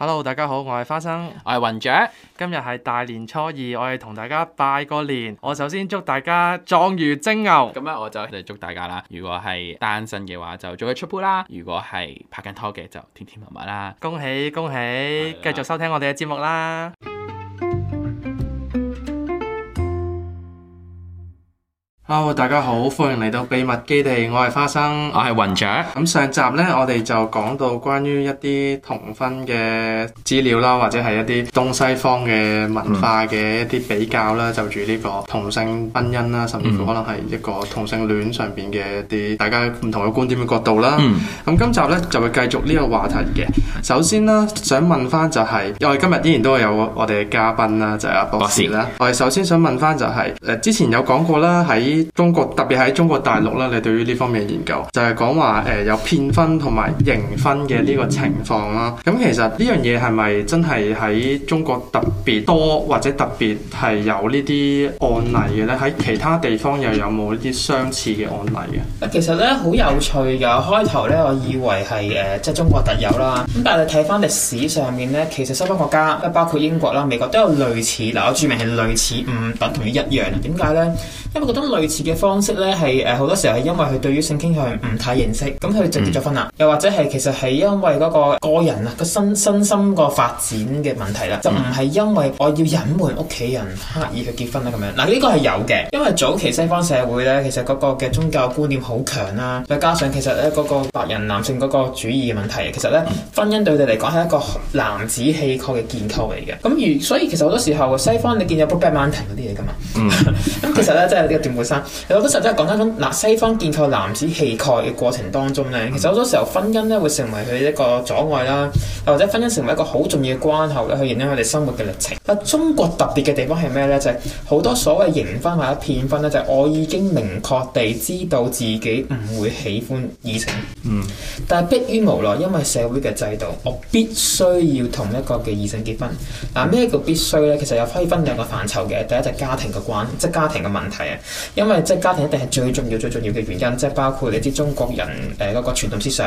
Hello，大家好，我係花生，我係雲雀，今日係大年初二，我哋同大家拜個年。我首先祝大家壯如精牛。咁樣我就嚟祝大家啦。如果係單身嘅話，就早日出 pool 啦；如果係拍緊拖嘅，就甜甜蜜蜜啦。恭喜恭喜，啦繼續收聽我哋嘅節目啦。好，大家好，歡迎嚟到秘密基地，我係花生，我係雲雀。咁上集呢，我哋就講到關於一啲同婚嘅資料啦，或者係一啲東西方嘅文化嘅一啲比較啦，嗯、就住呢個同性婚姻啦，甚至乎可能係一個同性戀上邊嘅一啲大家唔同嘅觀點嘅角度啦。咁、嗯、今集呢，就會繼續呢個話題嘅。首先呢，想問翻就係、是，因為今日依然都會有我哋嘅嘉賓啦，就係、是、阿博士啦。士我哋首先想問翻就係、是，誒、呃，之前有講過啦，喺中國特別喺中國大陸啦，你對於呢方面嘅研究就係講話誒有騙婚同埋形婚嘅呢個情況啦。咁其實呢樣嘢係咪真係喺中國特別多或者特別係有呢啲案例嘅咧？喺其他地方又有冇呢啲相似嘅案例嘅？其實咧好有趣㗎，開頭咧我以為係誒即係中國特有啦。咁但係你睇翻歷史上面咧，其實西方國家包括英國啦、美國都有類似。嗱、呃、我註明係類似，唔等同於一樣。點解咧？因為覺得類嘅方式咧，係誒好多時候係因為佢對於性傾向唔太認識，咁佢就結咗婚啦。又或者係其實係因為嗰個個人啊個身身心個發展嘅問題啦，就唔係因為我要隱瞞屋企人刻意去結婚啦咁樣。嗱，呢個係有嘅，因為早期西方社會咧，其實嗰個嘅宗教觀念好強啦，再加上其實咧嗰個白人男性嗰個主義嘅問題，其實咧婚姻對佢哋嚟講係一個男子氣概嘅建構嚟嘅。咁如所以其實好多時候西方你見有 Brokeback Mountain 嗰啲嘢噶嘛。咁其實咧真係一個斷背有好多時候真係講緊嗱，西方建構男子氣概嘅過程當中咧，其實好多時候婚姻咧會成為佢一個阻礙啦，又或者婚姻成為一個好重要嘅關口咧，去影響佢哋生活嘅歷程。嗱，中國特別嘅地方係咩咧？就係、是、好多所謂形婚或者騙婚咧，就係我已經明確地知道自己唔會喜歡異性，嗯，但係迫於無奈，因為社會嘅制度，我必須要同一個嘅異性結婚。嗱，咩叫必須咧？其實有可以分兩個範疇嘅，第一就係家庭嘅關係，即係家庭嘅問題啊，因因為即係家庭一定係最重要、最重要嘅原因，即係包括你知中國人誒嗰、呃那個傳統思想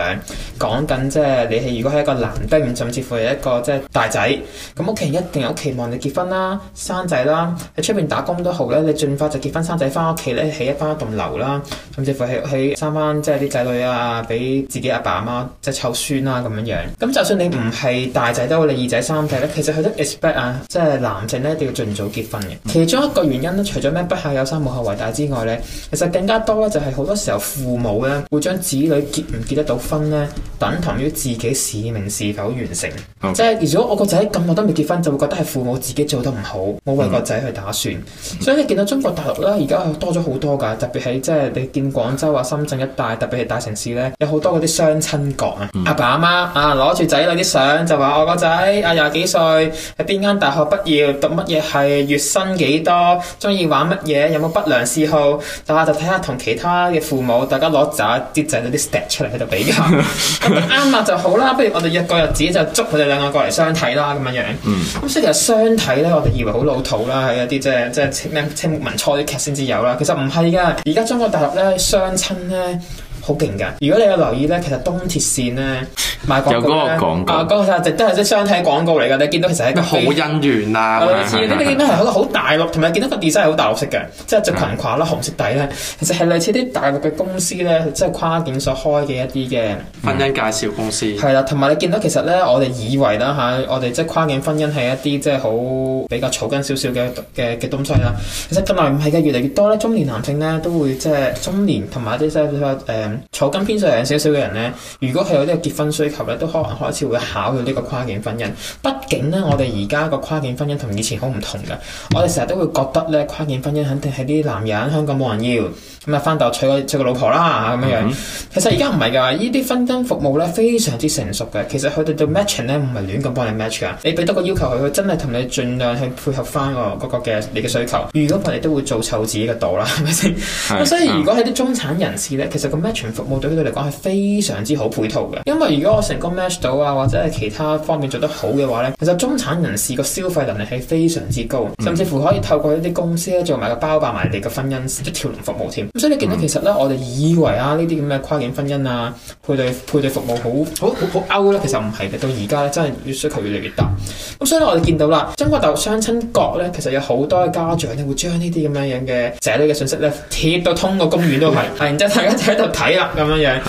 講緊，即係你係如果係一個男丁，甚至乎係一個即係、就是、大仔，咁屋企人一定有期望你結婚啦、生仔啦。喺出邊打工都好咧，你盡快就結婚生仔，翻屋企咧起一翻一棟樓啦，甚至乎喺喺生翻即係啲仔女啊，俾自己阿爸阿媽即係湊孫啦咁樣樣。咁就算你唔係大仔都好，你二仔三仔咧，其實佢都 expect 啊，即係男性咧一定要盡早結婚嘅。其中一個原因咧，除咗咩不孝有三，無後為大之外咧，其實更加多咧，就係好多時候父母咧會將子女結唔結得到婚咧，等同於自己使命是否完成。即係 Okay. 如果我個仔咁耐都未結婚，就會覺得係父母自己做得唔好。冇為個仔去打算，mm hmm. 所以你見到中國大陸咧，而家多咗好多㗎，特別係即係你見廣州啊、深圳一帶，特別係大城市咧，有好多嗰啲相親角、mm hmm. 啊，阿爸阿媽啊，攞住仔女啲相就話：我個仔啊廿幾歲，喺邊間大學畢業，讀乜嘢，係月薪幾多，中意玩乜嘢，有冇不良嗜好。大家就睇下同其他嘅父母，大家攞仔啲仔嗰啲 step 出嚟喺度比較，咁啱啦就好啦。 不如我哋一個日子就捉佢哋兩個過嚟相睇啦，咁樣樣。咁所以其實相睇咧，我哋以為好老土啦，喺一啲即係即係清清末民初啲劇先至有啦。其實唔係噶，而家中國大陸咧相親咧。好勁噶！如果你有留意咧，其實東鐵線咧賣廣告咧，個啊嗰、那個係一直都係啲商體廣告嚟㗎。你見到其實係咩好姻緣啦，似啊！啲啲咩係一個好大陸，同埋 見到，見到個 design 係好大陸式嘅，即係著裙褂啦，嗯、紅色底咧，其實係類似啲大陸嘅公司咧，即、就、係、是、跨境所開嘅一啲嘅婚姻介紹公司。係啦，同埋你見到其實咧，我哋以為啦嚇、啊，我哋即係跨境婚姻係一啲即係好比較草根少少嘅嘅嘅東西啦。其實近來唔係嘅，越嚟越多咧，中年男性咧都會即係中年，同埋一啲即、嗯草根偏上有少少嘅人呢，如果係有呢個結婚需求呢，都可能開始會考慮呢個跨境婚姻。畢竟呢，我哋而家個跨境婚姻同以前好唔同嘅，我哋成日都會覺得呢，跨境婚姻肯定係啲男人香港冇人要。咁啊翻到娶個娶個老婆啦咁樣樣，其實而家唔係㗎，呢啲婚姻服務咧非常之成熟嘅。其實佢哋對 matching 咧唔係亂咁幫你 match 噶。你俾多個要求佢，佢真係同你盡量去配合翻個嗰個嘅你嘅需求。如果唔哋都會做臭自己嘅度啦，係咪先？咁、hmm. 所以如果喺啲中產人士咧，其實個 matching 服務對佢哋嚟講係非常之好配套嘅。因為如果我成功 match 到啊，或者係其他方面做得好嘅話咧，其實中產人士個消費能力係非常之高，甚至乎可以透過一啲公司咧做埋個包辦埋你嘅婚姻一條龍服務添。咁所以你見到其實咧，我哋以為啊，呢啲咁嘅跨境婚姻啊，配對配對服務好好好好 out 啦，其實唔係嘅，到而家咧真係越需求越嚟越大。咁所以我哋見到啦，中國大陸相親角咧，其實有好多嘅家長咧會將呢啲咁樣樣嘅仔女嘅信息咧貼到通個公園都係， 然之後大家就喺度睇啦咁樣樣。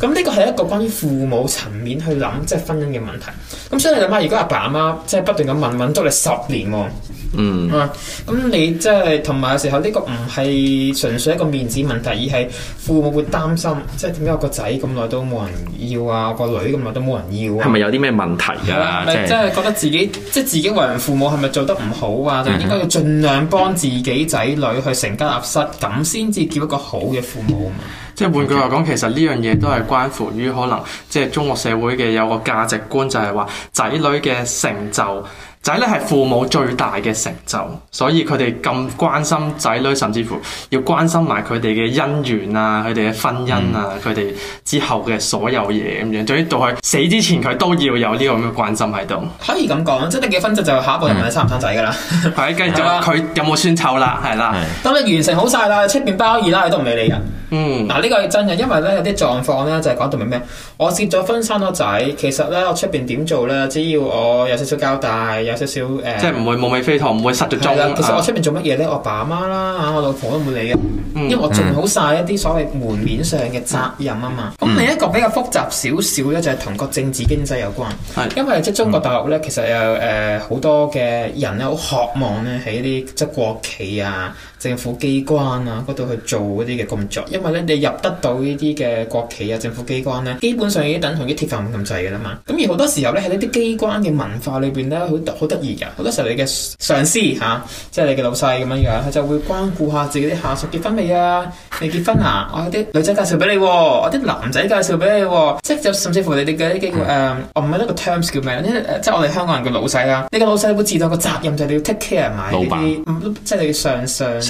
咁呢個係一個關於父母層面去諗即係婚姻嘅問題。咁所以你諗下，如果阿爸阿媽即係不斷咁問，問足你十年喎、啊。嗯，咁、嗯、你即、就、係、是、同埋有時候呢個唔係純粹一個面子問題，而係父母會擔心，即係點解個仔咁耐都冇人要啊，個女咁耐都冇人要啊？係咪有啲咩問題啊？係咪即係覺得自己即係、就是、自己為人父母，係咪做得唔好啊？嗯、哼就應該要盡量幫自己仔女去成家立室，咁先至叫一個好嘅父母，即係換句話講，Okay. 其實呢樣嘢都係關乎於可能即係、就是、中國社會嘅有個價值觀，就係話仔女嘅成就。仔呢係父母最大嘅成就，所以佢哋咁關心仔女，甚至乎要關心埋佢哋嘅姻緣啊，佢哋嘅婚姻啊，佢哋之後嘅所有嘢咁樣，總之、嗯、到佢死之前，佢都要有呢個咁嘅關心喺度。可以咁講，即係你嘅分就就下一個人生唔生仔噶啦。係、嗯，繼 續佢吧有冇孫湊啦？係啦。等的你完成好晒啦，出面包二啦，都唔理你噶。嗯，嗱呢、啊這個係真嘅，因為咧有啲狀況咧就係、是、講到明咩，我結咗婚生咗仔，其實咧我出邊點做咧，只要我有少少交代，有少少誒，呃、即係唔會冇尾飛砣，唔、嗯、會失咗蹤。啊、其實我出邊做乜嘢咧，我爸媽啦嚇，我老婆都冇理嘅，嗯、因為我盡好晒一啲所謂門面上嘅責任啊嘛。咁另、嗯嗯、一個比較複雜少少咧，就係同個政治經濟有關，的因為即係中國大陸咧，其實有誒好多嘅人咧，好渴望咧喺啲即係國企啊。政府機關啊，嗰度去做嗰啲嘅工作，因為咧你入得到呢啲嘅國企啊、政府機關咧，基本上已經等同啲鐵飯碗咁滯嘅啦嘛。咁而好多時候咧喺呢啲機關嘅文化裏邊咧，好好得意噶。好、啊、多時候你嘅上司吓、啊，即係你嘅老細咁樣嘅，佢就會關顧下自己啲下屬結婚未啊？你結婚啊？我有啲女仔介紹俾你喎、啊，我啲男仔介紹俾你喎、啊。即係就甚至乎你哋嘅啲機誒，我唔記得個 terms 叫咩？即係我哋香港人叫老細啦、啊。你、這、嘅、個、老細會自動個責任就係你要 take care 埋啲，老細即係你要上上。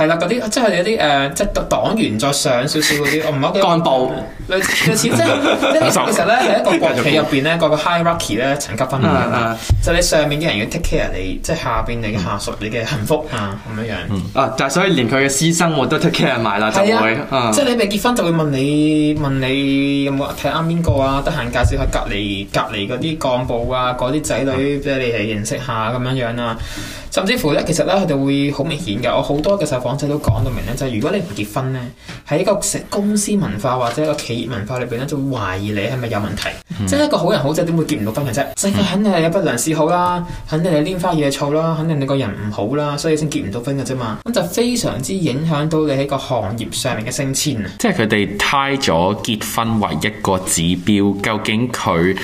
係啦，嗰啲即係有啲誒，即係、呃、黨員再上少少嗰啲，唔係乜幹部、嗯、類似，即係其實咧喺 一個國企入邊咧，個個 hierarchy 咧層級分明啊，uh, uh, 就你上面嘅人要 take care 你，即係、uh, 下邊你嘅下屬、嗯、你嘅幸福啊，咁樣樣、嗯、啊，但係所以連佢嘅私生活都 take care 埋啦，就會即係你未結婚就會問你問你有冇睇啱邊個啊，得閒介紹下隔離隔離嗰啲幹部啊，嗰啲仔女即係你嚟認識下咁樣樣啊。甚至乎咧，其實咧，佢哋會好明顯嘅。我好多嘅受訪者都講到明咧，就係如果你唔結婚咧，喺個公司文化或者個企業文化裏邊咧，就會懷疑你係咪有問題。即係一個好人好者點會結唔到婚嘅啫？世界肯定係有不良嗜好啦，肯定係拈花惹草啦，肯定你個人唔好啦，所以先結唔到婚嘅啫嘛。咁就非常之影響到你喺個行業上面嘅升遷啊。即係佢哋 tie 咗結婚為一個指標，究竟佢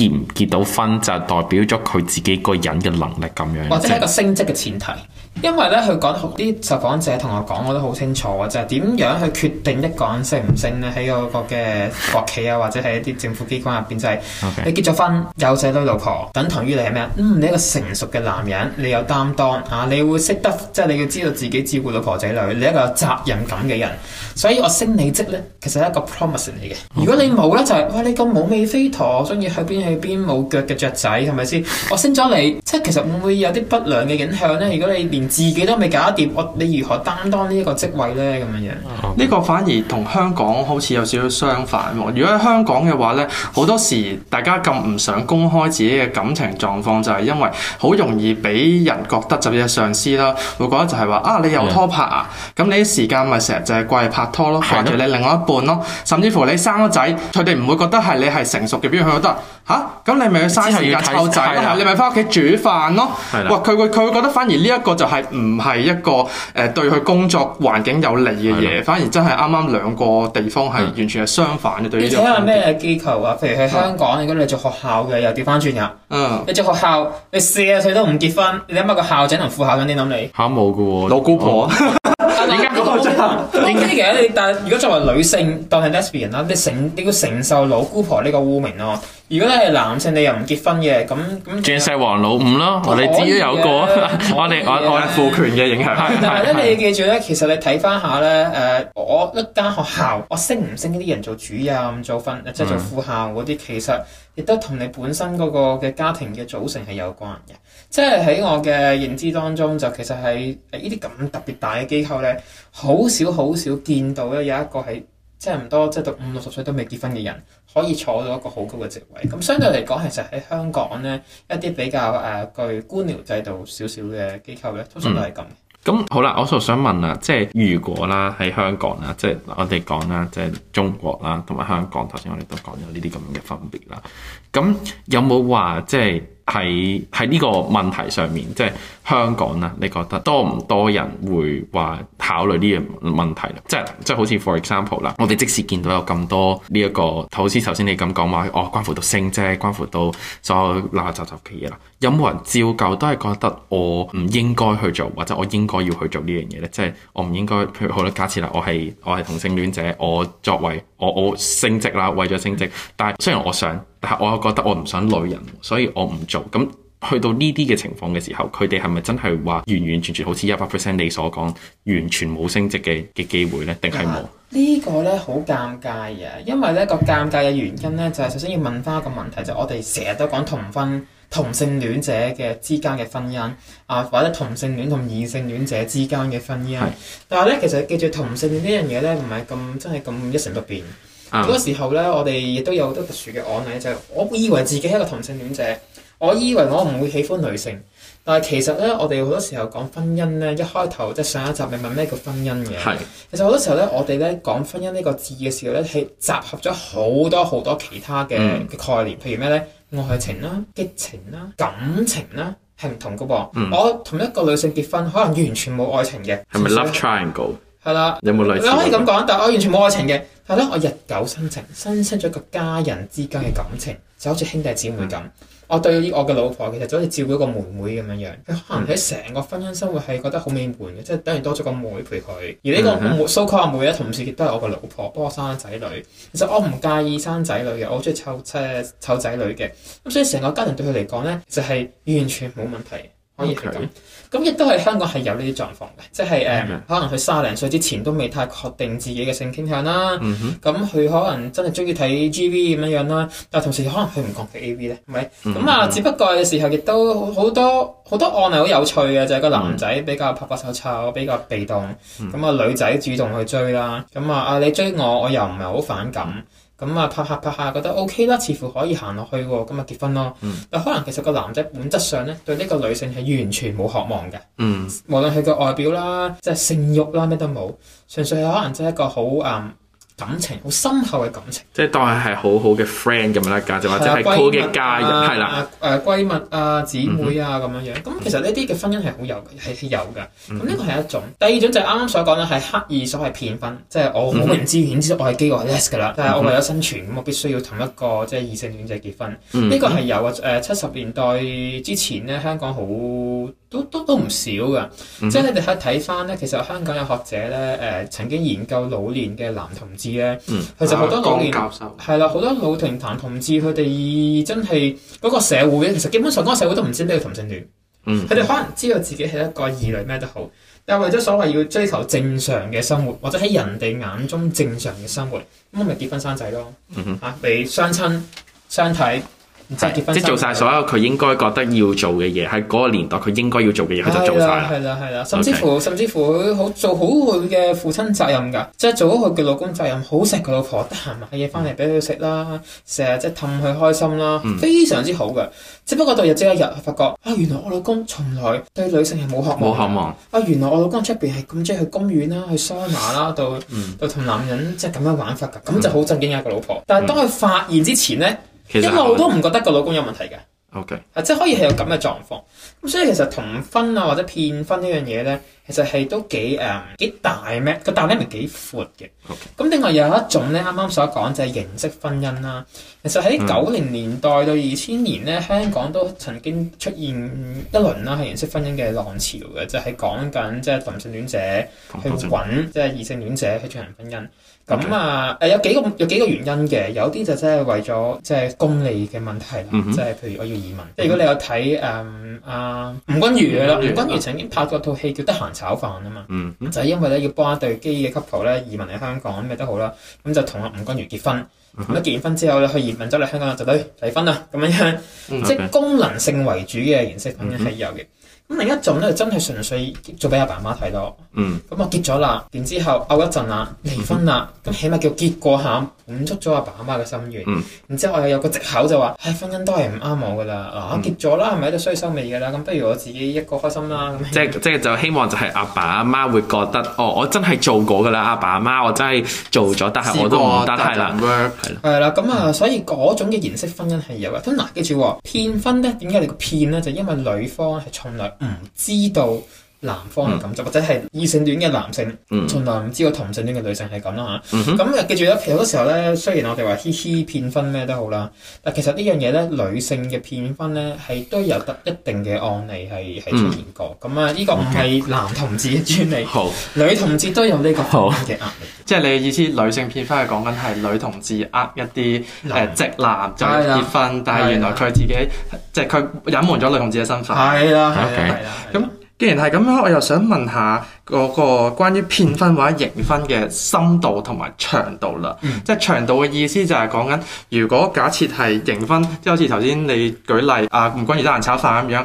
結唔結到婚就代表咗佢自己個人嘅能力咁樣，或者一個升職嘅前提，因為咧佢講啲受訪者同我講，我都好清楚，就係點樣去決定一個人升唔升咧？喺嗰個嘅國企啊，或者喺一啲政府機關入邊，就係，Okay，你結咗婚有仔女老婆，等同於你係咩啊？嗯，你一個成熟嘅男人，你有擔當啊，你會識得即係你要知道自己照顧老婆仔女，你一個有責任感嘅人，所以我升你職咧，其實係一個 promise 嚟嘅。如果你冇咧，就係喂，你咁冇尾飛陀，中意去邊？邊冇腳嘅雀仔係咪先？我升咗你，即係其實會唔會有啲不良嘅影響咧？如果你連自己都未搞得掂，我你如何擔當呢一個職位呢？咁樣樣呢 Okay. 個反而同香港好似有少少相反。如果喺香港嘅話呢，好多時大家咁唔想公開自己嘅感情狀況，就係因為好容易俾人覺得就係上司啦，會覺得就係話啊，你又拖拍啊，咁 Yeah. 你啲時間咪成日就係掛住拍拖咯，掛住你另外一半咯，Yeah. 甚至乎你生咗仔，佢哋唔會覺得係你係成熟嘅表現都得。嚇！咁你咪去嘥氣湊仔，你咪翻屋企煮飯咯。哇！佢會佢會覺得反而呢一個就係唔係一個誒對佢工作環境有利嘅嘢，反而真係啱啱兩個地方係完全係相反嘅，對。你睇下咩機構啊？譬如喺香港，如果你做學校嘅又調翻轉入，嗯，你做學校你四啊歲都唔結婚，你諗下個校長同副校長點諗你？嚇，冇噶喎，老姑婆。依家嗰個真係，依啲嘅你但係如果作為女性當係 lesbian 啦，你承你要承受老姑婆呢個污名咯。如果你係男性，你又唔結婚嘅，咁咁，鑽石王老五咯，我哋至於有個，我哋我我父權嘅影響。但係咧，你記住咧，其實你睇翻下咧，誒、呃，我一間學校，我升唔升呢啲人做主任、做訓即係做副校嗰啲，嗯、其實亦都同你本身嗰個嘅家庭嘅組成係有關嘅。即係喺我嘅認知當中，就其實係呢啲咁特別大嘅機構咧，好少好少見到咧有一個係即係唔多，即係讀五六十歲都未結婚嘅人。可以坐到一個好高嘅職位，咁相對嚟講，其實喺香港咧，一啲比較誒，具、啊、官僚制度少少嘅機構咧，通常都係咁。咁、嗯、好啦，我就想問啊，即係如果啦喺香港啦，即係我哋講啦，即係中國啦，同埋香港，頭先我哋都講咗呢啲咁嘅分別啦。咁有冇話即係喺喺呢個問題上面，即係？香港啦，你覺得多唔多人會話考慮呢樣問題咧？即係即係好似 for example 啦，我哋即使見到有咁多呢、這、一個，好似頭先你咁講話，哦關乎到升職啫，關乎到所有垃垃雜雜嘅嘢啦。有冇人照舊都係覺得我唔應該去做，或者我應該要去做呢樣嘢咧？即係我唔應該，譬如好多假設啦，我係我係同性戀者，我作為我我升職啦，為咗升職，但雖然我想，但係我又覺得我唔想女人，所以我唔做咁。去到呢啲嘅情況嘅時候，佢哋係咪真係話完完全全好似一百 percent 你所講，完全冇升職嘅嘅機會呢？定係冇？呢、啊呢個呢，好尷尬嘅！因為呢、呢個尷尬嘅原因呢，就係、係、首先要問翻一個問題，就係、我哋成日都講同婚、同性戀者嘅之間嘅婚姻啊，或者同性戀同異性戀者之間嘅婚姻。是但係呢，其實記住同性戀呢樣嘢呢，唔係咁真係咁一成不變。嗰、嗯、個時候呢，我哋亦都有好多特殊嘅案例，就係、我以為自己係一個同性戀者。我以為我唔會喜歡女性，但係其實咧，我哋好多時候講婚姻咧，一開頭即係上一集你問咩叫婚姻嘅？係的。其實好多時候咧，我哋咧講婚姻呢個字嘅時候咧，係集合咗好多好多其他嘅嘅概念，嗯、譬如咩咧，愛情啦、激情啦、感情啦，係唔同㗎喎。嗯、我同一個女性結婚，可能完全冇愛情嘅。係咪 Love Triangle？係啦。的有冇女？你可以咁講，但係我完全冇愛情嘅。係咯，我日久生情，產生咗個家人之間嘅感情，嗯、就好似兄弟姊妹咁。嗯我對我嘅老婆其實就好似照顧一個妹妹咁樣樣，佢可能喺成個婚姻生活係覺得好美滿嘅，即係等於多咗個妹，妹陪佢。而呢個妹，妹、mm hmm.，so called 妹同時亦都係我個老婆幫我生仔女。其實我唔介意生仔女嘅，我好中意湊即係湊仔女嘅。咁所以成個家庭對佢嚟講咧，就係、是、完全冇問題，可以係咁。Okay. 咁亦都係香港係有呢啲狀況嘅，即係誒，啊嗯、可能佢三十零歲之前都未太確定自己嘅性傾向啦。咁佢、嗯、可能真係鍾意睇 G V 咁樣樣啦，但同時可能佢唔抗拒 A V 咧，係咪？咁啊，只不過嘅時候亦都好多好多案例好有趣嘅，就係、是、個男仔比較拍拍手抄比較被動，咁啊、嗯、女仔主動去追啦，咁啊啊你追我，我又唔係好反感。咁啊，拍下拍下覺得 OK 啦，似乎可以行落去喎，咁啊結婚咯。嗯，但可能其實個男仔本質上咧，對呢個女性係完全冇渴望嘅。嗯，無論佢個外表啦，即係性慾啦，咩都冇，純粹係可能真係一個好誒。嗯感情好深厚嘅感情，感情即係當係係好好嘅 friend 咁樣啦，就或者係好嘅家人，係啦，誒閨蜜啊、姊、啊啊啊啊、妹啊咁樣樣。咁其實呢啲嘅婚姻係好有，嘅，係有㗎。咁呢個係一種。第二種就係啱啱所講啦，係刻意所謂騙婚，即係我冇人知，嗯、顯知我係基我係 les 嘅啦。但係我為咗生存，咁我必須要同一個即係異性戀者結婚。呢、嗯、個係有誒七十年代之前咧，香港好，都都都唔少㗎，mm hmm. 即係你哋喺睇翻咧，其實香港有學者咧，誒、呃、曾經研究老年嘅男同志咧，mm hmm. 其實好多老年教授，係啦，好多老同男同志佢哋真係嗰個社會咧，其實基本上嗰個社會都唔知咩叫同性戀，佢哋、mm hmm. 可能知道自己係一個異類咩都好，但係為咗所謂要追求正常嘅生活，或者喺人哋眼中正常嘅生活，咁咪結婚生仔咯，嚇、mm，嚟、hmm. 相、啊、親相睇。即係做晒所有佢應該覺得要做嘅嘢，喺嗰 個年代佢應該要做嘅嘢，佢 就做晒啦。係啦，係啦。甚至乎甚至乎佢好做好佢嘅父親責任㗎，即係做好佢嘅老公責任。好錫佢老婆，得閒買嘢翻嚟俾佢食啦，成日即係氹佢開心啦，非常之好嘅。只不過到日即一日，發覺啊，原來我老公從來對女性係冇渴望冇渴望。啊，原來我老公出邊係咁中意去公園啦、去桑拿啦，度度同、嗯、男人即係咁樣玩法㗎，咁就好震驚一個老婆。但係當佢發現之前咧。一路都唔覺得個老公有問題嘅，OK，係、啊、即係可以係有咁嘅狀況，咁所以其實同婚啊或者騙婚呢樣嘢咧，其實係都幾誒幾大咩？個大咧唔係幾闊嘅。咁另外有一種咧，啱啱所講就係認識婚姻形式婚姻啦。其實喺九零年代到二千年咧，香港都曾經出現一輪啦、啊，係形式婚姻嘅浪潮嘅，就係講緊即係同，同性戀者去搵，即係異性戀者去進行婚姻。咁啊，誒 Okay.、嗯、有幾個有幾個原因嘅，有啲就真係為咗即係功利嘅問題啦，即係、嗯、哼譬如我要移民。即係、嗯、哼如果你有睇誒阿吳君如啦，吳君如，吳君如曾經拍過套戲叫《得閒炒飯》啊嘛，嗯、哼就係因為咧要幫一對基嘅 couple 咧移民嚟香港咁咪都好啦，咁就同阿吳君如結婚，咁、嗯、哼結完婚之後咧去移民咗嚟香港就得離婚啦，咁樣，嗯 okay. 即係功能性為主嘅形式係有嘅。咁另一種咧，真係純粹做俾阿爸阿媽睇咯。嗯。咁我結咗啦，然之後拗一陣啦，離婚啦，咁起碼叫結過下，滿足咗阿爸阿媽嘅心願。嗯。然之後我又有個藉口就話，誒婚姻都係唔啱我噶啦，啊結咗啦，係咪喺度衰收尾噶啦，咁不如我自己一個開心啦。即即就希望就係阿爸阿媽會覺得，哦，我真係做過噶啦，阿爸阿媽我真係做咗，但係我都唔得閪啦。係啦。係啦，咁啊，所以嗰種嘅形式婚姻係有嘅。咁嗱，記住騙婚咧，點解你個騙咧？就因為女方係重女。嗯，知道。男方嘅感受或者係異性戀嘅男性，嗯，從來唔知道同性戀嘅女性係咁啦嚇。咁啊，記住啦，其實好多時候咧，雖然我哋話嘻嘻騙婚咩都好啦，但其實呢樣嘢咧，女性嘅騙婚咧係都有得一定嘅案例係係出現過。咁啊，呢個唔係男同志嘅專利，好女同志都有呢個嘅案例。即係你意思女性騙婚係講緊係女同志呃一啲誒直男就結婚，但係原來佢自己即係佢隱瞞咗女同志嘅身份。係啦，係係啦，咁。既然係咁樣，我又想問下嗰個關於騙婚或者形婚嘅深度同埋長度啦。嗯、即係長度嘅意思就係講緊，如果假設係形婚，即係好似頭先你舉例啊，吳君如得閒炒飯咁樣。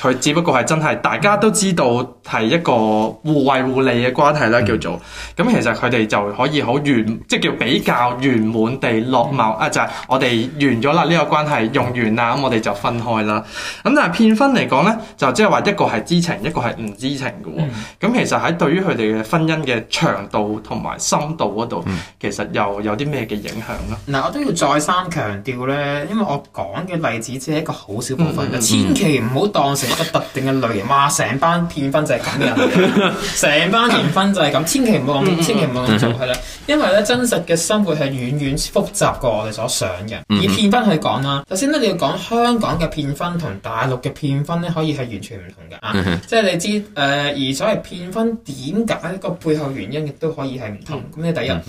佢只不過係真係，大家都知道係一個互惠互利嘅關係啦，嗯、叫做咁，其實佢哋就可以好圓，即係叫比較圓滿地落貌、嗯、啊，就係、是、我哋完咗啦，呢個關係用完啦，咁我哋就分開啦。咁但係騙婚嚟講咧，就即係話一個係知情，一個係唔知情嘅喎、哦。咁、嗯、其實喺對於佢哋嘅婚姻嘅長度同埋深度嗰度，嗯、其實又有啲咩嘅影響咧？嗱、嗯，我都要再三強調咧，因為我講嘅例子只係一個好少部分嘅，千祈唔好當成，一個特定嘅類型，哇！成班騙婚就係咁樣，成 班騙婚就係咁，千祈唔好咁， 千祈唔好咁做係啦。因為咧，真實嘅生活係遠遠複雜過我哋所想嘅。以騙婚去講啦，首先咧你要講香港嘅騙婚同大陸嘅騙婚咧，可以係完全唔同嘅 啊。即係你知誒、呃，而所謂騙婚點解個背後原因亦都可以係唔同。咁咧，第一。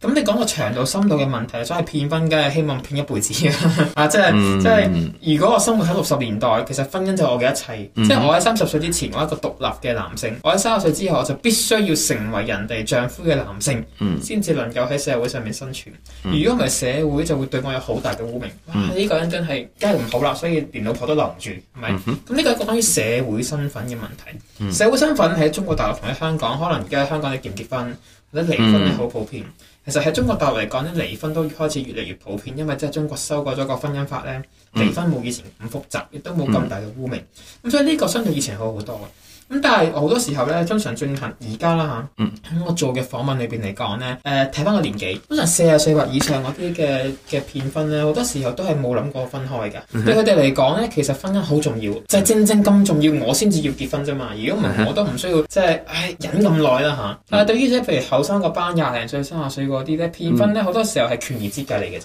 咁你講個長度深度嘅問題，所以騙婚梗係希望騙一輩子 啊，即係即係，如果我生活喺六十年代，其實婚姻就係我嘅一切，mm hmm. 即係我喺三十歲之前，我係一個獨立嘅男性；我喺三十歲之後，我就必須要成為人哋丈夫嘅男性，先至、mm hmm. 能夠喺社會上面生存。如果唔係社會，就會對我有好大嘅污名。哇！呢、mm hmm. 個人真係，梗係唔好啦，所以連老婆都留唔住，係咪？咁呢個係關於社會身份嘅問題。Mm hmm. 社會身份喺中國大陸同喺香港，可能而家香港你結唔結婚？咧離婚係好普遍，嗯、其實喺中國大陸嚟講咧，離婚都開始越嚟越普遍，因為即係中國修改咗個婚姻法咧，離婚冇以前咁複雜，亦都冇咁大嘅污名，咁、嗯、所以呢個相對以前好好多。咁但係好多時候咧，通常進行而家啦嚇，喺、嗯嗯、我做嘅訪問裏邊嚟講咧，誒睇翻個年紀，通常四十歲或以上嗰啲嘅嘅騙婚咧，好多時候都係冇諗過分開嘅。嗯、哼對佢哋嚟講咧，其實婚姻好重要，就係、是、正正咁重要，我先至要結婚啫嘛。如果唔係，我都唔需要即係，唉，忍咁耐啦嚇。啊嗯、但係對於啲譬如後生個班廿零歲、卅歲嗰啲咧，騙婚咧好多時候係權宜之計嚟嘅啫。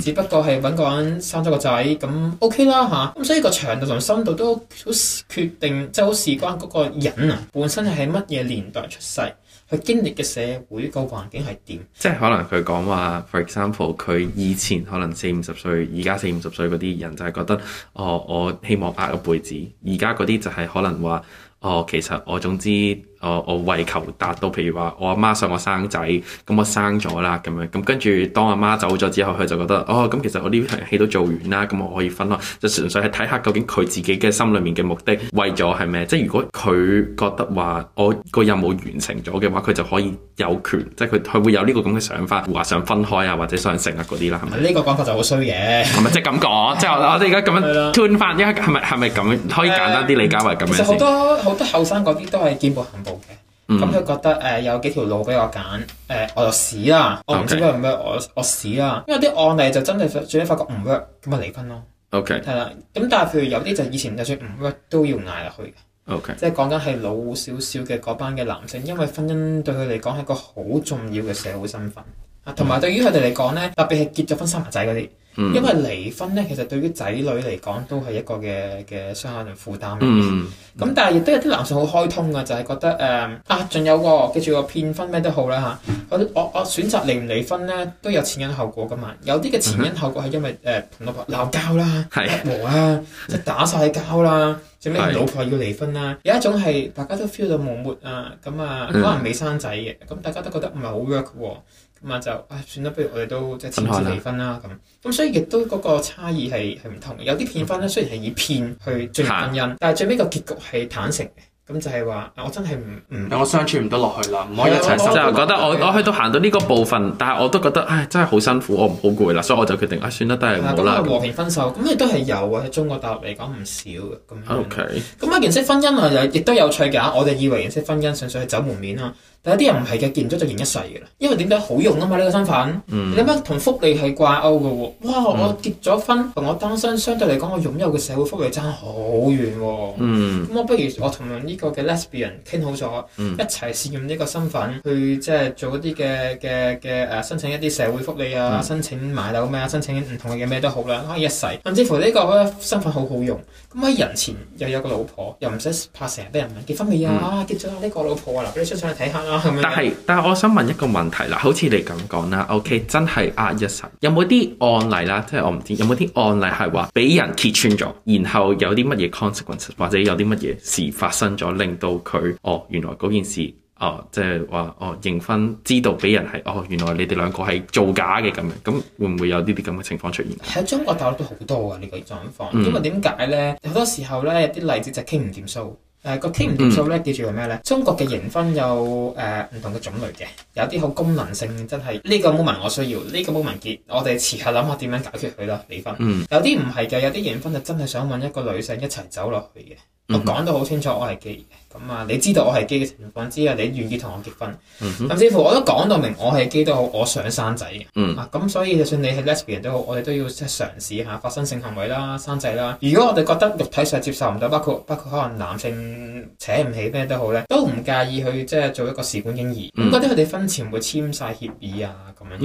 只不過係揾個人生咗個仔咁 OK 啦吓，咁、啊、所以個長度同深度都好決定，即係好事關嗰個人啊本身係喺乜嘢年代出世，佢經歷嘅社會個環境係點？即係可能佢講話，for example，佢以前可能四五十歲，而家四五十歲嗰啲人就係覺得，哦，我希望呃一輩子。而家嗰啲就係可能話，哦，其實我總之。我、哦、我為求達到，譬如話我阿媽想我生仔，咁我生咗啦，咁樣咁跟住當阿媽，媽走咗之後，佢就覺得哦，咁其實我呢條戲都做完啦，咁我可以分開，就純粹係睇下究竟佢自己嘅心裏面嘅目的為咗係咩？即係如果佢覺得話我個任務完成咗嘅話，佢就可以有權，即係佢佢會有呢個咁嘅想法，話想分開啊，或者想成日嗰啲啦，係咪？呢個講法就好衰嘅，係咪即係咁講？即係 我哋而家咁樣 turn 係咪係咪咁？可以簡單啲，理解為咁、呃、樣好多好多後生嗰啲都係見步行嘅，咁佢、嗯、覺得誒、呃、有幾條路俾我揀，誒、呃、我就死啦，我唔知咩咩 Okay.，我我死啦，因為啲案例就真係最尾發覺唔 work，咁咪離婚咯。OK，係啦，咁但係譬如有啲就以前就算唔 work 都要捱落去嘅。OK，即係講緊係老少少嘅嗰班嘅男性，因為婚姻對佢嚟講係個好重要嘅社會身份啊，同埋對於佢哋嚟講咧，特別係結咗婚生仔嗰啲，因為離婚咧，其實對於仔女嚟講都係一個嘅嘅傷害同嘅負擔。咁、嗯、但係亦都有啲男性好開通嘅，就係、是、覺得誒、呃、啊，仲有喎，記住個騙婚咩都好啦嚇、啊。我我我選擇離唔離婚咧，都有前因後果嘅嘛。有啲嘅前因後果係因為誒同、嗯呃、老婆鬧交啦，一模是啊，即、就是、打晒交啦，最尾是老婆要離婚啦。有一種係大家都 feel 到冇沫啊，咁、嗯、啊、嗯、可能未生仔嘅，咁大家都覺得唔係好 work 喎、啊。咁啊就唉算啦，不如我哋都即係悄悄離婚啦咁。咁、嗯、所以亦都嗰個差異係係唔同。有啲騙婚咧，雖然係以騙去進入婚姻，行但係最尾個結局係坦誠嘅。咁就係話，我真係唔唔，我相處唔到落去啦，唔可以一齊生活。就的覺得我我去到行到呢個部分，嗯、但係我都覺得唉，真係好辛苦，我唔好攰啦，所以我就決定唉，算啦，都係冇啦。咁、嗯那個，和平分手，咁亦都係有啊，喺中國大陸嚟講唔少嘅。咁 OK，咁形式婚姻啊，亦都有趣嘅。我哋以為形式婚姻純粹係走門面啊。但有啲人唔係嘅，見唔到就見一世嘅啦。因為點解好用啊嘛？呢、呢個身份，嗯、你解同福利係掛鈎嘅喎。哇！我結咗婚同我單身相對嚟講，我擁有嘅社會福利爭好遠喎、啊。咁、嗯、我不如我同呢個嘅 lesbian 傾好咗，嗯、一齊試用呢個身份去即係做一啲嘅嘅嘅誒，申請一啲社會福利啊，嗯、申請買樓咩啊，申請唔同嘅嘢咩都好啦，可以一世。甚至乎呢個身份好好用。咁喺人前又有個老婆，又唔使怕成日俾人問結婚未啊？嗯、結咗啦，呢個老婆啊，嗱，你出上嚟睇下啦。但係但係我想問一個問題啦，好似你咁講啦，OK，真係呃一世有冇啲案例啦？即係我唔知有冇啲案例係話俾人揭穿咗，然後有啲乜嘢 consequence，或者有啲乜嘢事發生咗，令到佢哦，原來嗰件事。哦，即係話哦，形婚知道俾人係哦，原來你哋兩個係造假嘅咁樣，咁會唔會有呢啲咁嘅情況出現？喺中國大陸都好多啊呢、這個狀況，嗯、因為點解咧？好多時候咧，啲例子就傾唔掂數。誒、呃，這個傾唔掂數咧，叫做咩咧？嗯、中國嘅形婚有誒唔、呃、同嘅種類嘅，有啲好功能性，真係呢個 moment 我需要，呢、這個 moment 結，我哋遲下諗下點樣解決佢啦離婚。嗯，有啲唔係嘅，有啲形婚就真係想揾一個女性一齊走落去嘅。我講到好清楚我，我係基咁啊！你知道我係基嘅情況之下，你願意同我結婚？嗯、哼甚至乎我都講到明，我係基都好，我想生仔嘅、嗯、啊！咁所以，就算你係 lesbian 都好，我哋都要即係嘗試下發生性行為啦、生仔啦。如果我哋覺得肉體上接受唔到，包括包括可能男性扯唔起咩都好咧，都唔介意去即係、呃、做一個試管嬰兒。咁嗰啲佢哋婚前會簽晒協議啊，咁樣。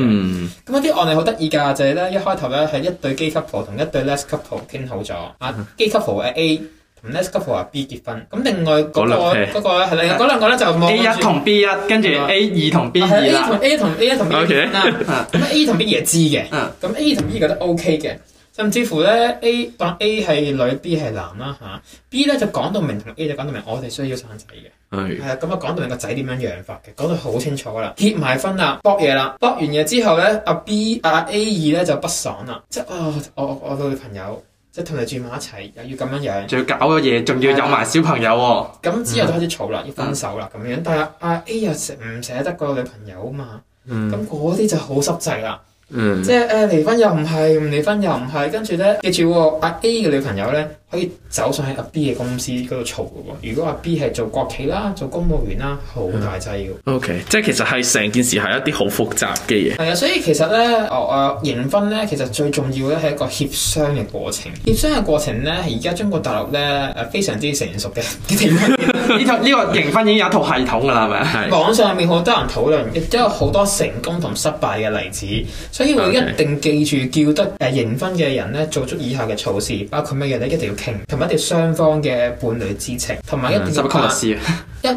咁有啲案例好得意㗎，就係、是、咧一開頭咧係一對基 c 婆同一對 les c o 傾好咗啊，基 c o 係 A。啊 Next couple B 結婚，咁另外嗰、那個嗰、那個咧嗰兩個咧就 A 一同 B 一的，2 2跟住 A 二同 B 二啦、啊。A 同 A 一同 A 一同 Okay. B 二啦。咁 A 同 B 二係知嘅，咁 A 二同 B 二覺得 OK 嘅，甚至乎咧 A 當 A 係女，B 係男啦嚇。B 咧就講到明，A 就講到明，我哋需要生仔嘅。係係啊，咁啊講到明個仔點樣養法嘅，講到好清楚啦，結埋婚啦，搏嘢啦，搏完嘢之後咧，阿 B 阿 A 二咧就不爽啦，即係啊、哦、我我我女朋友。即係同你住埋一齊，又要咁樣樣，仲要搞咗嘢，仲但要有埋小朋友喎。咁、嗯、之後就開始嘈啦，嗯、要分手啦咁樣。但係阿 A 又唔捨得個女朋友啊嘛。咁嗰啲就好濕滯啦。嗯、即係誒離婚又唔係，唔、嗯、離婚又唔係，跟住咧記住、哦，阿 A 嘅女朋友咧。可以走上喺阿 B 嘅公司嗰度嘈㗎喎。如果阿 B 係做國企啦，做公務員啦，好大劑嘅。O、okay, K，即係其實係成件事係一啲好複雜嘅嘢。係啊，所以其實咧，哦哦、啊，形婚咧，其實最重要咧係一個協商嘅過程。協商嘅過程咧，而家中國大陸咧誒非常之成熟嘅。呢套呢個形婚已經有一套系統㗎啦，係咪？係。 網上面好多人討論，亦都有好多成功同失敗嘅例子，所以我一定記住叫得誒形婚嘅人咧，做足以下嘅措施，包括咩嘢咧，一定要。同埋一對雙方嘅伴侶之情，同埋一定要白，嗯、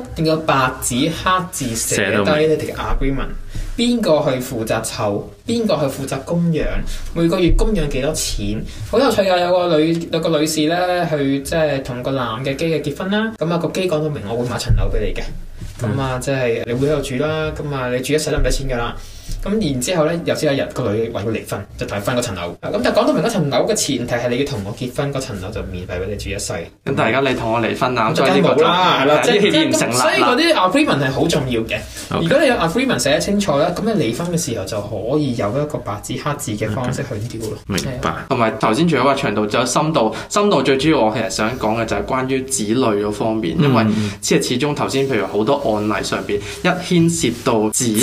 一定要白紙黑字寫低 你哋嘅 agreement，邊個去負責湊，邊個去負責供養，每個月供養幾多錢？好有趣啊！有個女有個女士咧，去即係同個男嘅基嘅結婚啦。咁啊，個基講到明，我會買層樓俾你嘅。咁啊，即係、嗯就是、你會喺度住啦。咁啊，你住一世得唔使錢噶啦。咁然之後咧，又知有一日個女為佢離婚，就談婚嗰層樓。咁就講到明嗰層樓嘅前提係你要同我結婚，嗰層樓就免費俾你住一世。咁大家你同我離婚啊，再呢個中，所以嗰啲 affirmation 係好重要嘅。如果你有 affirmation 寫得清楚咧，咁你離婚嘅時候就可以有一個白紙黑字嘅方式去掉咯。明白。同埋頭先仲有話長度，仲有深度。深度最主要我其實想講嘅就係關於子女嗰方面，因為即係始終頭先譬如好多案例上邊一牽涉到子女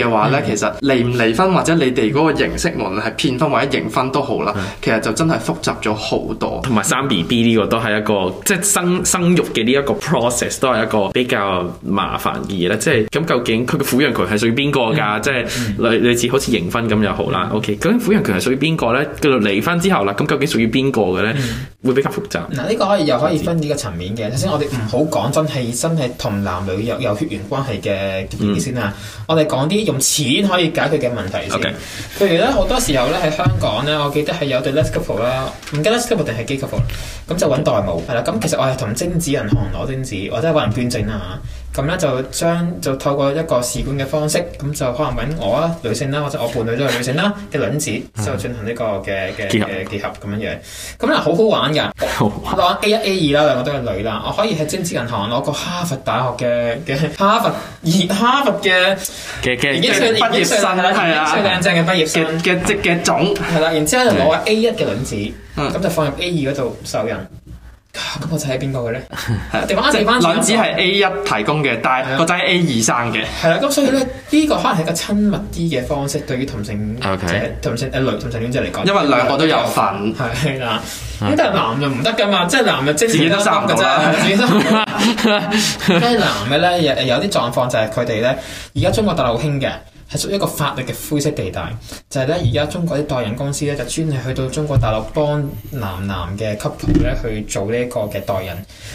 嘅話咧，其實離唔離婚或者你哋嗰個形式，無論係騙婚或者形婚都好啦，其實就真係複雜咗好多。同埋生 B B 呢個都係一個即係生生育嘅呢一個 process，都係一個比較麻煩嘅嘢咧。即係咁究竟佢嘅撫養權係屬於邊個噶？即係類似好似形婚咁又好啦。O K，咁撫養權係屬於邊個呢？叫做離婚之後啦，咁究竟屬於邊個嘅呢？會比較複雜。嗱，呢個可以又可以分呢個層面嘅。首先我哋唔好講真係真係同男女有有血緣關係嘅 B B 先啦。我哋講啲用錢。可以解決嘅問題先。Okay. 譬如咧，好多時候咧喺香港咧，我記得係有對 less couple 啦，唔記得 less couple 定係 gay couple，咁就揾代母。係啦、嗯，咁其實我係同精子銀行攞精子，或者係揾人捐精啦吓。咁咧就將就透過一個試管嘅方式，咁就可能揾我啊女性啦，或者我伴侶都係女性啦嘅卵子，之後進行呢個嘅嘅嘅結合咁樣樣。咁啊好好玩㗎，好玩，攞 A 一 A 二啦，兩個都係女啦。我可以喺精子銀行攞個哈佛大學嘅嘅哈佛而哈佛嘅嘅嘅畢業生啦，係啊，最靚正嘅畢業生嘅即嘅種。係啦，然之後就攞個 A 一嘅卵子，咁就放入 A 二嗰度受孕。咁個仔係邊個嘅咧？地方，地方。卵子係 A 一提供嘅，但係個仔 A 二生嘅。係啦，咁所以咧，呢個可能係個親密啲嘅方式，對於同性者、同性誒女同性戀者嚟講。因為兩個都有份。係啦，咁但係男就唔得噶嘛，即係男嘅即係自己都三嘅啫。即係男嘅咧，有啲狀況就係佢哋咧，而家中國大陸好興嘅。屬於一個法律嘅灰色地帶，就係咧而家中國啲代孕公司咧就專係去到中國大陸幫男男嘅 couple 咧去做呢一個嘅代孕，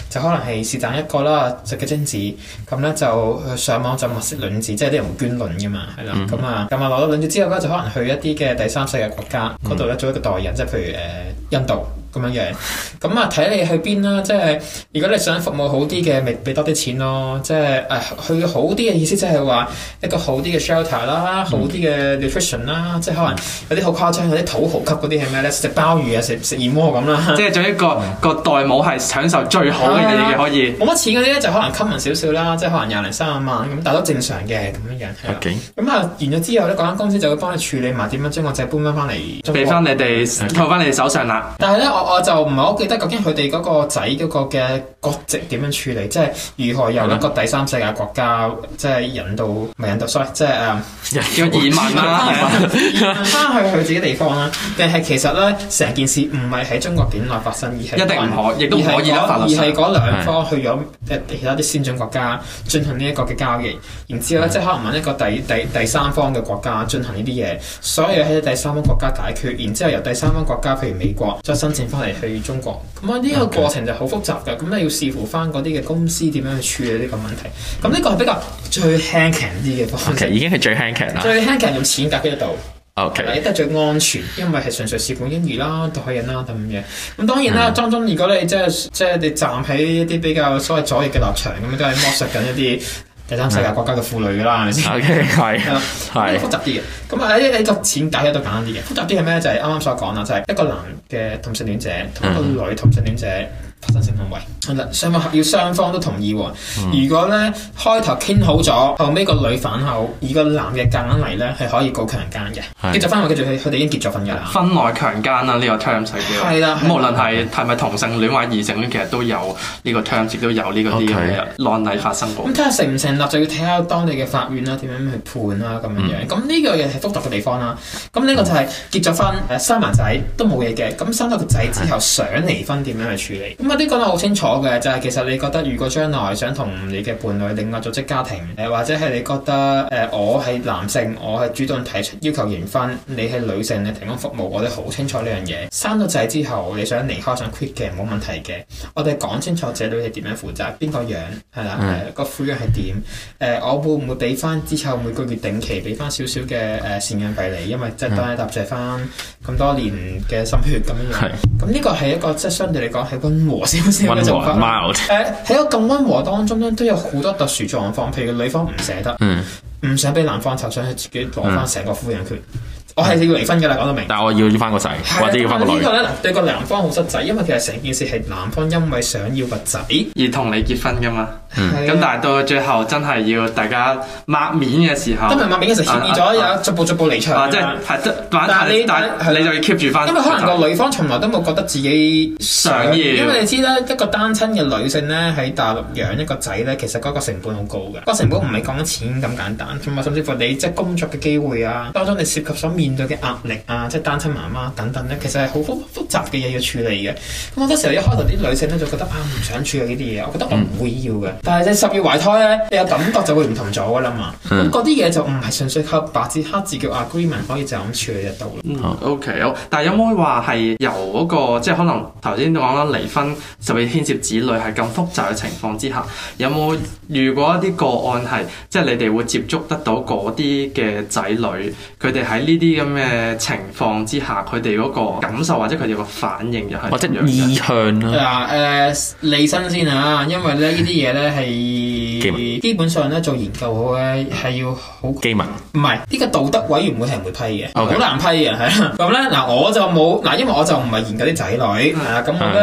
就可能係是但一個啦，食嘅精子，咁咧就去上網就物色卵子，即係啲人會捐卵㗎嘛，係啦，咁、嗯、哼啊，咁啊攞到卵子之後咧就可能去一啲嘅第三世界國家嗰度咧做一個代孕，即係譬如誒、呃、印度。咁樣樣，咁啊睇你去邊啦，即係如果你想服務好啲嘅，咪俾多啲錢咯，即係誒、哎、去好啲嘅意思，即係話一個好啲嘅 shelter 啦，好啲嘅 nutrition 啦，即係可能有啲好誇張，有啲土豪級嗰啲係咩咧？食鮑魚啊，食食燕窩咁啦，即係做一個、嗯、個代母係享受最好嘅嘢可以。冇乜、啊、錢嗰啲咧，就可能吸雲少少啦，即係可能廿零三十萬咁，但都正常嘅咁樣樣。畢竟咁啊，完咗之後咧，嗰、那個、間公司就會幫你處理埋點樣將個仔搬翻翻嚟，俾翻你哋，扣翻你哋手上啦。但係咧，我。我就唔係好記得究竟佢哋嗰個仔嗰個嘅國籍點樣處理，即係如何由一個第三世界國家，即係印度、唔係印度，sorry，即係誒，要移民啦，移民翻去佢自己地方啦。定係其實咧，成件事唔係喺中國境內發生，而係一定唔可以，亦都可以而係嗰兩方去咗的其他啲先進國家進行呢一個嘅交易，然之後咧，的即係可能問一個第第第三方嘅國家進行呢啲嘢，所以喺第三方國家解決，然之後由第三方國家譬如美國再申請。翻嚟去中國，咁啊呢個過程就好複雜㗎，咁咧 Okay. 要視乎翻嗰啲嘅公司點樣去處理呢個問題，咁、這、呢個係比較最輕強啲嘅方式，okay, 已經係最輕鬆啦，最輕鬆用錢夾喺度，嗱亦都最安全，因為係純粹試管嬰兒啦、泰人啦咁樣，咁當然啦，當中、嗯、如果你即係即係你站喺一啲比較所謂左翼嘅立場，咁都係剝削緊一啲。 第三世界國家嘅婦女㗎啦，係咪先？OK，係，係複雜啲嘅。咁啊，呢呢個淺解都簡單啲嘅。複雜啲係咩？就係啱啱所講啦，就係、是、一個男嘅同性戀者同一個女同性戀者。發生性行為係啦，雙方要雙方都同意、哦。嗯、如果咧開頭傾好咗，後尾個女反口，以個男嘅隔硬嚟，咧係可以告強姦嘅。的結咗婚話，跟住佢佢哋已經結咗婚噶啦，婚內強姦啦呢個 term 係叫係啦。咁無論係係咪同性戀或者異性戀，其實都有呢個 term，都有呢、這個啲案例發生過。咁睇下成唔成立，就要睇下當地嘅法院啦，點樣去判啦咁樣樣。咁呢、嗯、個嘢係複雜嘅地方啦。咁呢個就係結咗婚，生埋仔都冇嘢嘅。咁生咗個仔之後想離婚，點樣去處理？的嗰啲講得好清楚嘅，就係其實你覺得如果將來想同你嘅伴侶另外組織家庭，誒或者係你覺得誒我係男性，我係主動提出要求形婚，你係女性，你提供服務，我哋好清楚呢樣嘢。生咗仔之後，你想離開想 quit 嘅冇問題嘅，我哋講清楚仔女係點樣負責，邊個養係啦？誒個撫養係點？誒我會唔會俾翻之後每個月定期俾翻少少嘅誒贍養費你？因為即係幫你答謝翻咁多年嘅心血咁樣樣。咁呢個係一個即係相對嚟講係溫和。溫和、mild，誒喺個咁溫和當中咧，都有好多特殊狀況，譬如女方唔捨得，唔、mm. 想俾男方就想係自己攞翻成個撫養權。Mm. 我係要離婚㗎啦，講到明。但係我要要翻個仔，的或者要翻個女。個呢個咧，對個男方好失仔，因為其實成件事係男方因為想要個仔而同你結婚㗎嘛。咁、嗯、但係到最後真係要大家抹面嘅時候，因為抹面其實遲咗，啊、有逐步逐步離場。即係係得，但係你但係你，是你就要 keep 住翻。因為可能個女方從來都冇覺得自己想嘅。想要 因為你知啦，一個單親嘅女性咧喺大陸養一個仔咧，其實嗰個成本好高嘅。個成本唔係講緊錢咁簡單，同埋、嗯、甚至乎你即係工作嘅機會啊，當中你涉及所面對嘅壓力啊，即係單親媽媽等等咧，其實係好雜嘅嘢要處理嘅，咁好多時候一開頭啲女性咧就覺得啊唔想處理呢啲嘢，我覺得我唔會要嘅。嗯、但係你十月懷胎咧，你有感覺就會唔同咗㗎啦嘛。咁嗰啲嘢就唔係純粹靠白紙黑字叫 agreement 可以就咁處理得到咯。嗯、okay，好。但係有冇話係由嗰個即係可能頭先講啦離婚就會牽涉子女係咁複雜嘅情況之下，有冇如果一啲個案係即係你哋會接觸得到嗰啲嘅仔女，佢哋喺呢啲咁嘅情況之下，佢哋嗰個感受或者佢哋。反應就係，即係意向啦。嗱，誒，你身先啊，因為咧呢啲嘢咧係基本上咧做研究好嘅係要好機密。唔係，呢個道德委員會係唔會批嘅，好難批嘅係。咁咧嗱，我就冇嗱，因為我就唔係研究啲仔女，係啊，咁我都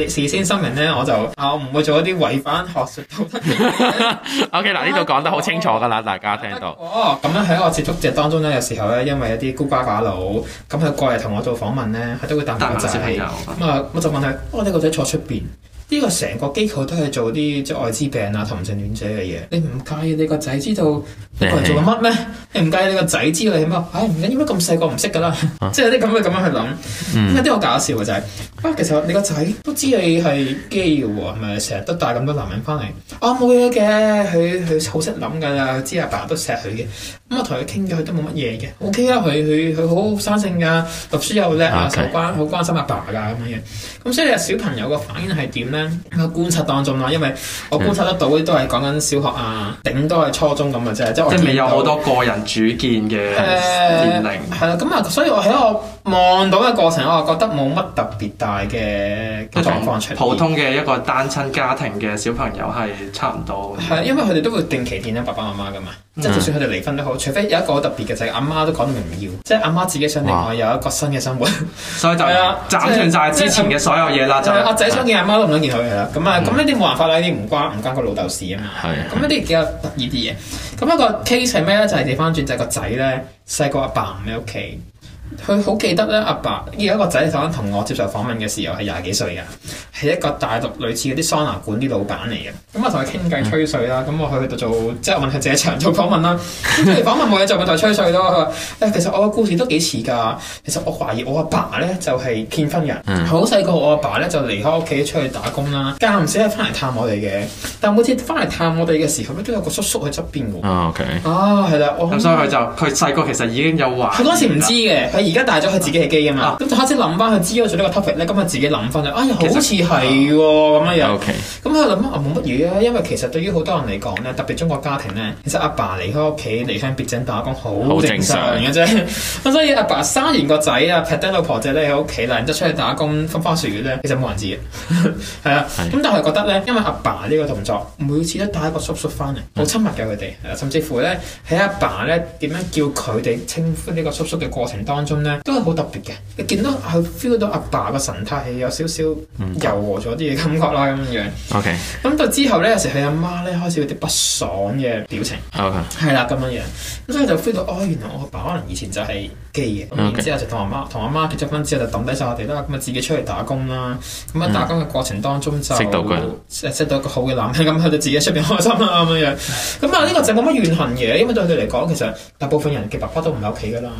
係事先聲明咧，我就啊，唔會做一啲違反學術道德嘅。OK，嗱呢度講得好清楚㗎啦，大家聽到。哦，咁咧喺我接觸者當中咧，有時候咧因為一啲孤家寡佬，咁佢過嚟同我做訪問咧，佢都會特就係、是、咁啊！我就問下，我、哦、哋、你個仔坐出邊？呢個成個機構都係做啲即係愛滋病啊、同性戀者嘅嘢。你唔介意你個仔知道一個人做緊乜咩？ 你唔介意你個仔知道你、哎、係乜？唉，唔緊要，點解咁細個唔識噶啦。即係啲咁嘅咁樣去諗，有啲好搞笑嘅就仔、係。啊、哎，其實你個仔都知你係 gay 嘅喎，係咪成日都帶咁多男人翻嚟？ 啊，冇嘢嘅，佢佢好識諗㗎啦，知阿爸都錫佢嘅。咁我同佢傾嘅，佢都冇乜嘢嘅。OK 啦，佢佢佢好生性噶，讀書又叻啊，好 Okay. 關好關心阿爸噶咁樣。咁所以啊，小朋友個反應係點咧？我觀察當中啦，因為我觀察得到都係講緊小學啊，頂多係初中咁嘅啫。即係、即係未有好多個人主見嘅年齡。係啦、呃，咁啊，所以我喺我。望到嘅過程，我又覺得冇乜特別大嘅狀況出現，普通嘅一個單親家庭嘅小朋友係差唔多。係，因為佢哋都會定期見到爸爸媽媽㗎嘛。即係就算佢哋離婚都好，除非有一個好特別嘅就係阿媽都講明唔要，即係阿媽自己想另外有一個新嘅生活，所以就斬斷晒之前嘅所有嘢啦。係阿仔想見阿媽都唔想見佢啦。咁啊，咁呢啲冇辦法啦，呢啲唔關唔關個老豆事啊嘛。係。咁呢啲幾得意啲嘢。咁一個 case 係咩咧？就係調翻轉，就係個仔咧，細個阿爸唔喺屋企。佢好記得咧，阿爸而有一個仔當同我接受訪問嘅時候係廿幾歲㗎，係一個大陸類似嗰啲桑拿館啲老闆嚟嘅。咁我同佢傾偈吹水啦，咁我去佢度做，即係問佢借場做訪問啦。咁做完 訪問冇嘢做問題，咪就吹水咯。誒、哎，其實我個故事都幾似㗎。其實我懷疑我阿爸咧就係、是、騙婚人。好細個我阿爸咧就離開屋企出去打工啦，間唔時咧翻嚟探我哋嘅。但每次翻嚟探我哋嘅時候咧，都有個叔叔喺側邊喎。Oh, okay. 啊 OK，啊係啦，咁所以佢就佢細個其實已經有玩。佢嗰時唔知嘅。而家帶咗佢自己嘅機啊嘛，咁就開始諗翻，知咗做呢個 topic 咧，今日自己諗翻就，哎呀，好似係咁又。咁佢諗啊冇乜嘢啊，因為其實對於好多人嚟講咧，特別中國家庭咧，其實阿爸離開屋企離鄉別井打工好正常嘅啫。所以阿爸生完個仔啊，劈低老婆仔咧喺屋企啦，然之後出去打工風花雪月咧，其實冇人知嘅，係啊。咁但係覺得咧，因為阿爸呢個動作，每次都帶一個叔叔翻嚟，好親密嘅佢哋，甚至乎咧喺阿爸咧點樣叫佢哋稱呼呢個叔叔嘅過程當中。都係好特別嘅，你見到佢 feel 到阿爸個神態，係有少少柔和咗啲嘅感覺啦，咁樣樣。OK。咁到之後咧，有時佢阿媽咧開始有啲不爽嘅表情。係啦 OK，咁樣樣。咁就飛到，哦，原來我阿爸可能以前就係基嘅。然之後就同阿媽，同阿媽結咗婚之後就抌低晒我哋啦，咁啊自己出去打工啦。咁啊打工嘅過程當中就識到佢，識到一個好嘅男人，咁佢就自己出邊開心啊咁樣。咁啊呢個就冇乜怨恨嘅，因為對佢嚟講其實大部分人嘅爸爸都唔喺屋企噶啦。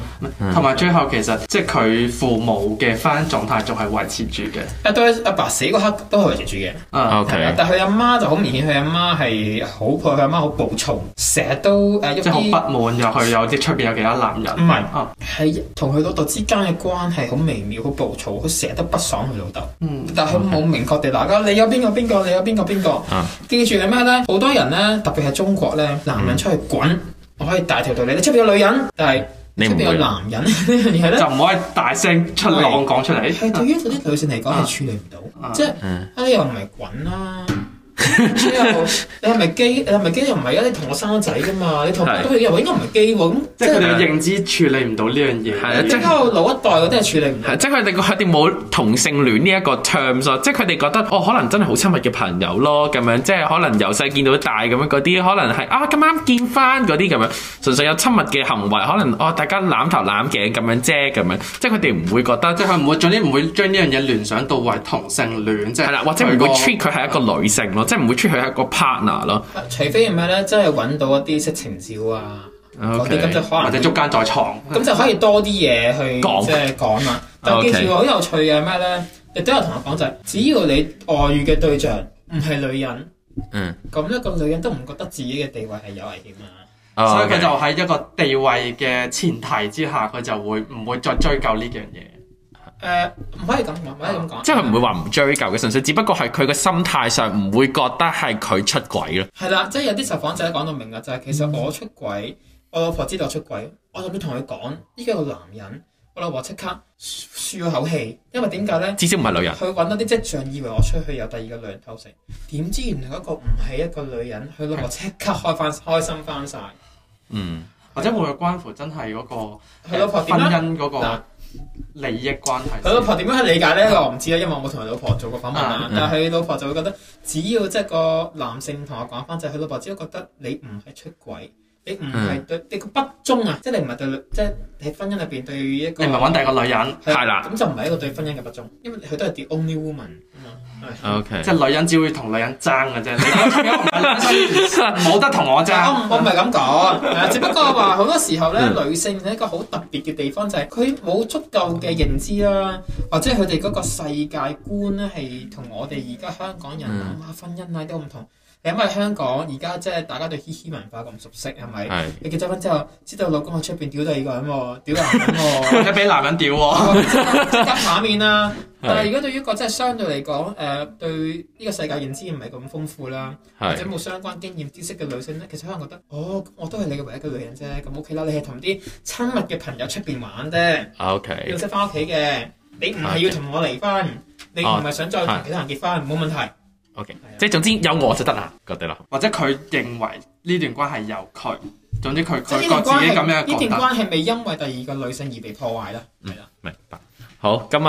同埋最後其實即係佢父母嘅婚姻狀態仲係維持住嘅。阿對阿爸死嗰刻都係維持住嘅。啊 OK，但係佢阿媽就好明顯，佢阿媽係好佢阿媽好暴躁，成日都誒一啲即好不滿。就係有啲出邊有其他男人，唔係，係同佢老豆之間嘅關係好微妙、好暴躁，佢成日都不爽佢老豆。嗯，但係佢冇明確地打交。你有邊個邊個？你有邊個邊個？嗯，記住係咩咧？好多人咧，特別係中國咧，男人出去滾，我可以大條道理：「你出邊有女人，但係你出邊有男人，就唔可以大聲出浪講出嚟。」係對於嗰啲女性嚟講係處理唔到，即係又唔係滾啦。你係咪基？你係咪基？又唔係啊！你同我生仔㗎嘛？你同佢又應該唔係基喎。即係佢哋認知處理唔到呢樣嘢。係啊，即係老一代嗰啲係處理唔到。即係佢哋佢哋冇同性戀呢一個 terms 即係佢哋覺得哦，可能真係好親密嘅朋友咯咁樣。即係可能由細見到大咁樣嗰啲，可能係啊咁啱見返嗰啲咁樣，純粹有親密嘅行為，可能哦大家攬頭攬頸咁樣啫咁樣。即係佢哋唔會覺得，即係佢唔會總之唔會將呢樣嘢聯想到為同性戀，即係啦，或者唔會 treat 佢係一個女性咯。即係唔會出去一個 partner 咯，除非係咩咧？真係揾到一啲色情照啊，嗰啲咁就可能，或者捉奸在牀，咁 就可以多啲嘢去即係講啦。說就 Okay. 但記住個好有趣嘅係咩咧？你都有同我講就係，只要你外遇嘅對象唔係女人，嗯，咁一個女人都唔覺得自己嘅地位係有危險啊，oh, okay. 所以佢就喺一個地位嘅前提之下，佢就會唔會再追究呢樣嘢。誒，唔、呃、可以咁，唔可以咁講。即係唔會話唔追究嘅，信息吧，只不過係佢個心態上唔會覺得係佢出軌咯。係啦、嗯，即係有啲受訪者講到明噶，就係其實我出軌，我老婆知道我出軌，我甚至同佢講，依、這、家個男人，我老婆即刻舒咗口氣，因為點解咧？至少唔係女人。佢揾到啲跡象，以為我出去有第二個女人偷食，點知原來嗰個唔係一個女人，佢老婆即刻開翻是開心翻晒。嗯，的或者會唔會關乎真係嗰個佢老婆婚姻嗰個？嗯利益關係，佢老婆點樣去理解呢？嗯、我唔知啊，因為我冇同佢老婆做過訪問、啊嗯、但係佢老婆就會覺得，只要即係個男性同我講返，就係佢老婆，只要覺得你唔係出軌。你唔係對你個不忠啊，即係你唔係對，即係喺婚姻裏邊對一個，你唔係揾第二個女人，係啦，咁就唔係一個對婚姻嘅不忠，因為佢都係 the only woman，OK，即係女人只會同女人爭嘅啫，冇得同我爭。我唔係咁講，只不過話好多時候咧，女性係一個好特別嘅地方，就係佢冇足夠嘅認知啦，或者佢哋嗰個世界觀咧係同我哋而家香港人諗啊婚姻啊都唔同。因為香港，而家即係大家對嘻嘻文化咁熟悉，係咪？是你結咗婚之後，知道老公喺出邊屌第二個人喎，屌男人喎，而家俾男人屌喎，即 刻，刻面啦！是但係如果對於一個即係相對嚟講，誒、呃、對呢個世界認知唔係咁豐富啦，或者冇相關經驗知識嘅女性咧，其實可能覺得，哦，我都係你嘅唯一嘅女人啫，咁 OK 啦，你係同啲親密嘅朋友出邊玩啫，OK，要即係翻屋企嘅，你唔係要同我離婚，Okay. 你唔係想再同其他人結婚，冇 Okay. 問題。O Okay . K， 即係總之有我就得啦，覺得咯， 或者佢認為呢段關係由佢，總之佢佢自己咁樣呢段關係未因為第二個女性而被破壞啦，係啦，明白。好，今日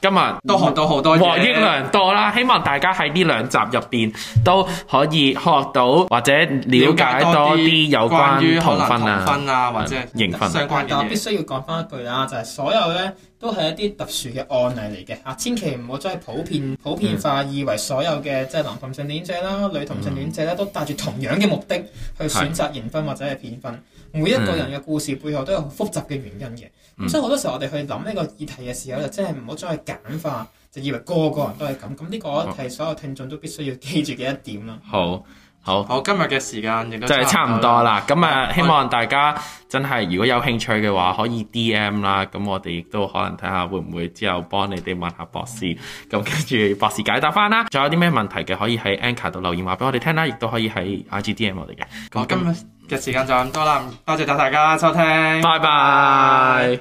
今日都學到好多，獲益良多啦。希望大家喺呢兩集入邊都可以學到或者了解多啲有關於同婚啊，關同婚啊或者形婚。但係必須要講翻一句啦，就係、是、所有咧都係一啲特殊嘅案例嚟嘅吓，千祈唔好即係普遍普遍化，以為所有嘅、嗯、即係男同性戀者啦、女同性戀者啦，都帶住同樣嘅目的、嗯、去選擇形婚或者係騙婚。是每一個人嘅故事背後都有好複雜嘅原因嘅，嗯、所以好多時候我哋去諗呢個議題嘅時候，嗯、就真係唔好再簡化，就以為個個人都係咁。咁呢個係所有聽眾都必須要記住嘅一點啦。好。好，好，今日嘅時間亦都真係差唔多啦。咁啊，嗯、那希望大家真係如果有興趣嘅話，可以 D M 啦。咁我哋亦都可能睇下會唔會之後幫你哋問下博士。咁跟住博士解答翻啦。仲有啲咩問題嘅，可以喺 Anchor 度留言話俾我哋聽啦。亦都可以喺 I G D M 我哋嘅。好、哦，那今日嘅時間就咁多啦。多謝大家收聽，拜拜。拜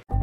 拜。